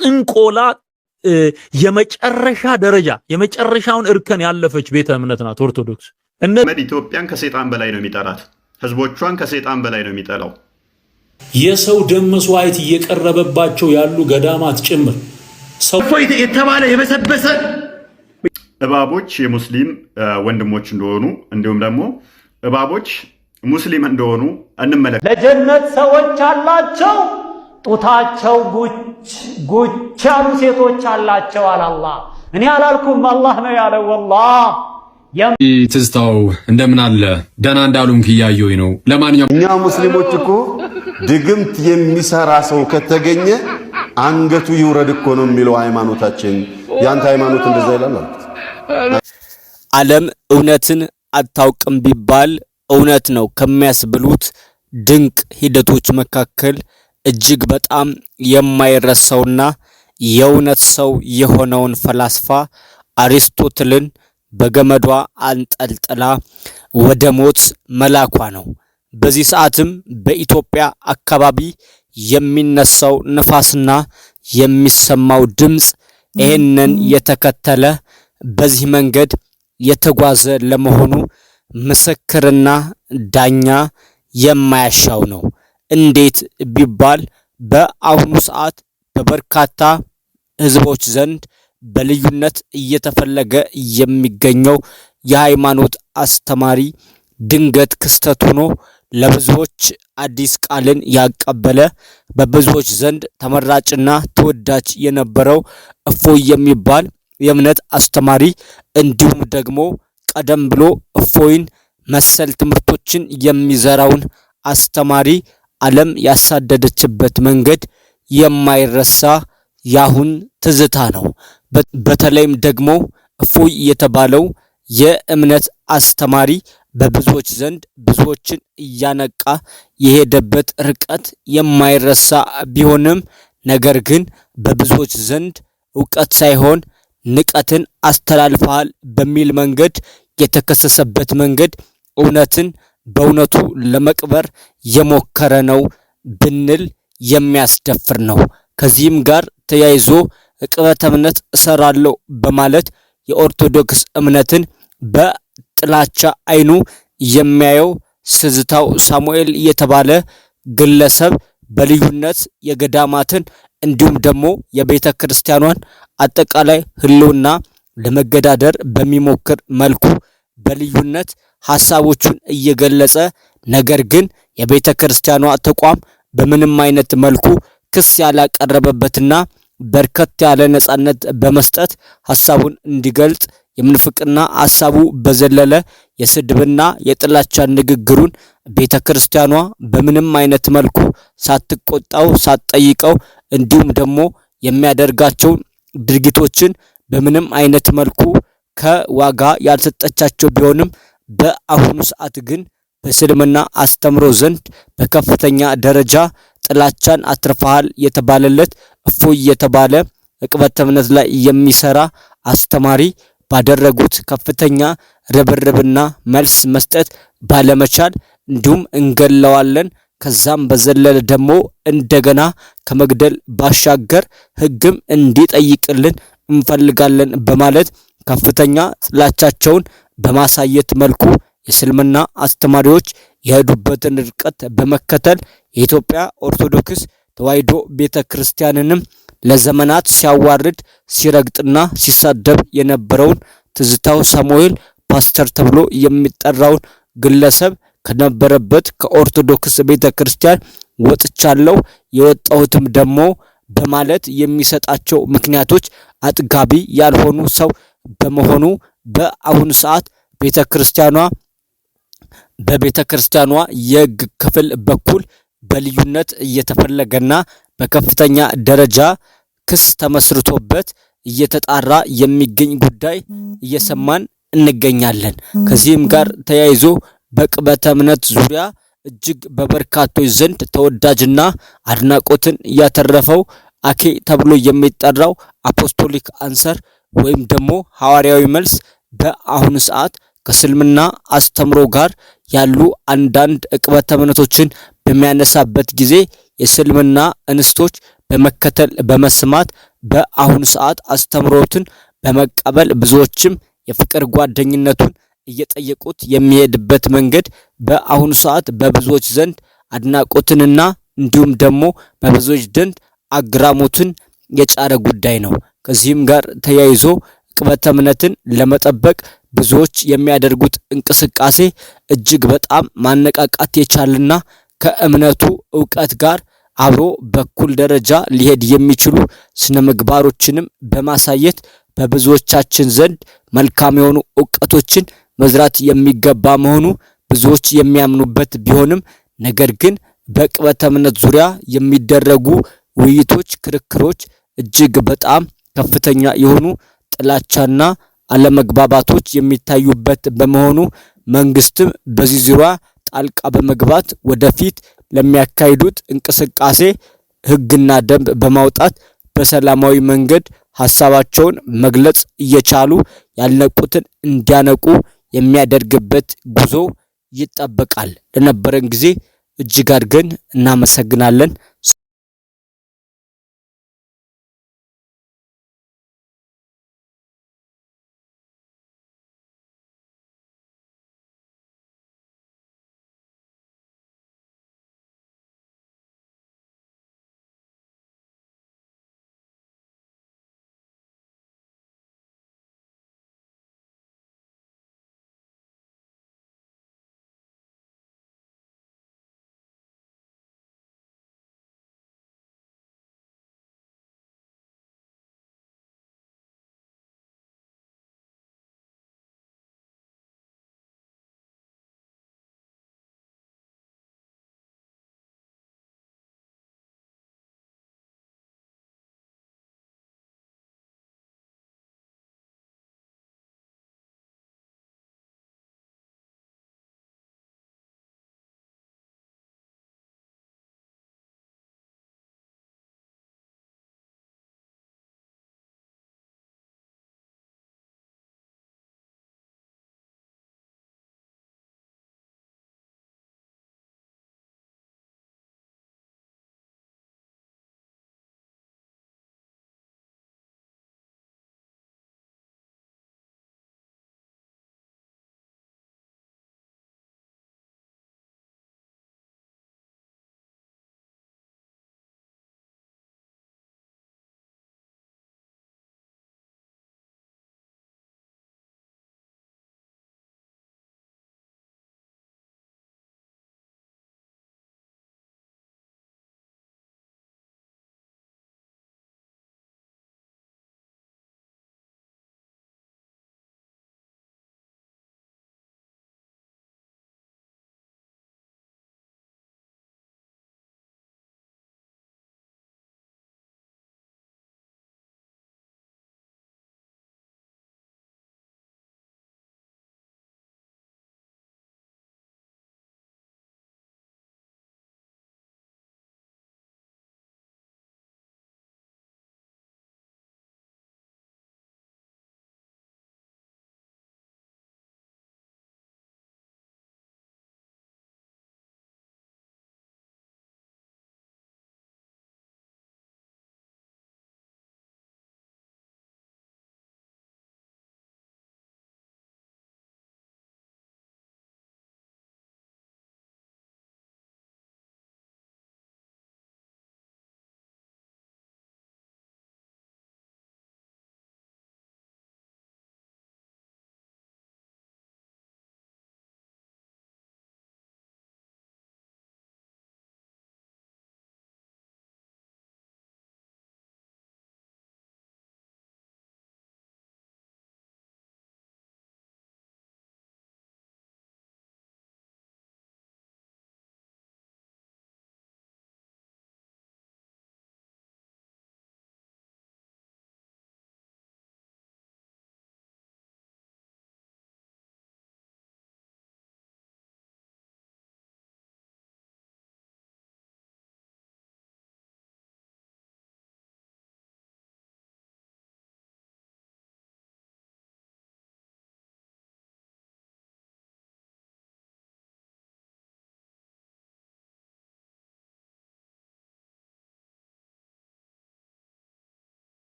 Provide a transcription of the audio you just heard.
ጥንቆላ የመጨረሻ ደረጃ የመጨረሻውን እርከን ያለፈች ቤተ እምነት ናት ኦርቶዶክስ። እነመድ ኢትዮጵያን ከሴጣን በላይ ነው የሚጠላት፣ ህዝቦቿን ከሴጣን በላይ ነው የሚጠላው። የሰው ደም መስዋዕት እየቀረበባቸው ያሉ ገዳማት ጭምር ሰው የተባለ የበሰበሰ እባቦች የሙስሊም ወንድሞች እንደሆኑ እንዲሁም ደግሞ እባቦች ሙስሊም እንደሆኑ እንመለከት። ለጀነት ሰዎች አላቸው ጡታቸው ጉች ያሉ ሴቶች አላቸው አላላ እኔ አላልኩም፣ አላህ ነው ያለው። ወላሂ ትዝታው እንደምን አለ ደህና እንዳሉም ክያየኝ ነው። ለማንኛውም እኛ ሙስሊሞች እኮ ድግምት የሚሰራ ሰው ከተገኘ አንገቱ ይውረድ እኮ ነው የሚለው ሃይማኖታችን። የአንተ ሃይማኖት እንደዛ ይላል አልኩት። ዓለም እውነትን አታውቅም ቢባል እውነት ነው ከሚያስብሉት ድንቅ ሂደቶች መካከል እጅግ በጣም የማይረሳውና የእውነት ሰው የሆነውን ፈላስፋ አሪስቶትልን በገመዷ አንጠልጥላ ወደ ሞት መላኳ ነው። በዚህ ሰዓትም በኢትዮጵያ አካባቢ የሚነሳው ንፋስና የሚሰማው ድምፅ ይህንን የተከተለ በዚህ መንገድ የተጓዘ ለመሆኑ ምስክርና ዳኛ የማያሻው ነው። እንዴት ቢባል በአሁኑ ሰዓት በበርካታ ህዝቦች ዘንድ በልዩነት እየተፈለገ የሚገኘው የሃይማኖት አስተማሪ ድንገት ክስተት ሆኖ ለብዙዎች አዲስ ቃልን ያቀበለ በብዙዎች ዘንድ ተመራጭና ተወዳጅ የነበረው እፎይ የሚባል የእምነት አስተማሪ እንዲሁም ደግሞ ቀደም ብሎ እፎይን መሰል ትምህርቶችን የሚዘራውን አስተማሪ ዓለም ያሳደደችበት መንገድ የማይረሳ ያሁን ትዝታ ነው። በተለይም ደግሞ እፎይ የተባለው የእምነት አስተማሪ በብዙዎች ዘንድ ብዙዎችን እያነቃ የሄደበት ርቀት የማይረሳ ቢሆንም ነገር ግን በብዙዎች ዘንድ እውቀት ሳይሆን ንቀትን አስተላልፈሃል በሚል መንገድ የተከሰሰበት መንገድ እውነትን በእውነቱ ለመቅበር የሞከረ ነው ብንል የሚያስደፍር ነው። ከዚህም ጋር ተያይዞ ዕቅበተ እምነት እሰራለሁ በማለት የኦርቶዶክስ እምነትን በጥላቻ አይኑ የሚያየው ስዝታው ሳሙኤል የተባለ ግለሰብ በልዩነት የገዳማትን እንዲሁም ደግሞ የቤተ ክርስቲያኗን አጠቃላይ ሕልውና ለመገዳደር በሚሞክር መልኩ በልዩነት ሐሳቦቹን እየገለጸ ነገር ግን የቤተ ክርስቲያኗ ተቋም በምንም አይነት መልኩ ክስ ያላቀረበበትና በርከት ያለ ነጻነት በመስጠት ሐሳቡን እንዲገልጽ የምንፍቅና ሐሳቡ በዘለለ የስድብና የጥላቻ ንግግሩን ቤተ ክርስቲያኗ በምንም አይነት መልኩ ሳትቆጣው ሳትጠይቀው እንዲሁም ደግሞ የሚያደርጋቸውን ድርጊቶችን በምንም አይነት መልኩ ከዋጋ ያልሰጠቻቸው ቢሆንም በአሁኑ ሰዓት ግን በእስልምና አስተምሮ ዘንድ በከፍተኛ ደረጃ ጥላቻን አትርፈሃል የተባለለት እፎይ የተባለ ዕቅበተ እምነት ላይ የሚሰራ አስተማሪ ባደረጉት ከፍተኛ ርብርብና መልስ መስጠት ባለመቻል እንዲሁም እንገለዋለን ከዛም በዘለለ ደግሞ እንደገና ከመግደል ባሻገር ሕግም እንዲጠይቅልን እንፈልጋለን በማለት ከፍተኛ ጥላቻቸውን በማሳየት መልኩ የእስልምና አስተማሪዎች የሄዱበትን ርቀት በመከተል የኢትዮጵያ ኦርቶዶክስ ተዋሕዶ ቤተ ክርስቲያንንም ለዘመናት ሲያዋርድ ሲረግጥና ሲሳደብ የነበረውን ትዝታው ሳሙኤል ፓስተር ተብሎ የሚጠራውን ግለሰብ ከነበረበት ከኦርቶዶክስ ቤተ ክርስቲያን ወጥቻለሁ የወጣሁትም ደግሞ በማለት የሚሰጣቸው ምክንያቶች አጥጋቢ ያልሆኑ ሰው በመሆኑ በአሁኑ ሰዓት ቤተ ክርስቲያኗ በቤተ ክርስቲያኗ የሕግ ክፍል በኩል በልዩነት እየተፈለገና በከፍተኛ ደረጃ ክስ ተመስርቶበት እየተጣራ የሚገኝ ጉዳይ እየሰማን እንገኛለን። ከዚህም ጋር ተያይዞ በቅበተ እምነት ዙሪያ እጅግ በበርካቶች ዘንድ ተወዳጅና አድናቆትን ያተረፈው አኬ ተብሎ የሚጠራው አፖስቶሊክ አንሰር ወይም ደግሞ ሐዋርያዊ መልስ በአሁኑ ሰዓት ከእስልምና አስተምሮ ጋር ያሉ አንዳንድ ዕቅበተ እምነቶችን በሚያነሳበት ጊዜ የእስልምና እንስቶች በመከተል በመስማት በአሁኑ ሰዓት አስተምሮትን በመቀበል ብዙዎችም የፍቅር ጓደኝነቱን እየጠየቁት የሚሄድበት መንገድ በአሁኑ ሰዓት በብዙዎች ዘንድ አድናቆትንና እንዲሁም ደግሞ በብዙዎች ዘንድ አግራሞትን የጫረ ጉዳይ ነው። ከዚህም ጋር ተያይዞ ቅበተ እምነትን ለመጠበቅ ብዙዎች የሚያደርጉት እንቅስቃሴ እጅግ በጣም ማነቃቃት የቻልና ከእምነቱ እውቀት ጋር አብሮ በኩል ደረጃ ሊሄድ የሚችሉ ስነ ምግባሮችንም በማሳየት በብዙዎቻችን ዘንድ መልካም የሆኑ እውቀቶችን መዝራት የሚገባ መሆኑ ብዙዎች የሚያምኑበት ቢሆንም ነገር ግን በቅበተ እምነት ዙሪያ የሚደረጉ ውይይቶች፣ ክርክሮች እጅግ በጣም ከፍተኛ የሆኑ ጥላቻና አለመግባባቶች የሚታዩበት በመሆኑ መንግስትም በዚህ ዙሪያ ጣልቃ በመግባት ወደፊት ለሚያካሂዱት እንቅስቃሴ ህግና ደንብ በማውጣት በሰላማዊ መንገድ ሀሳባቸውን መግለጽ እየቻሉ ያልነቁትን እንዲያነቁ የሚያደርግበት ጉዞ ይጠበቃል። ለነበረን ጊዜ እጅግ አድርገን እናመሰግናለን።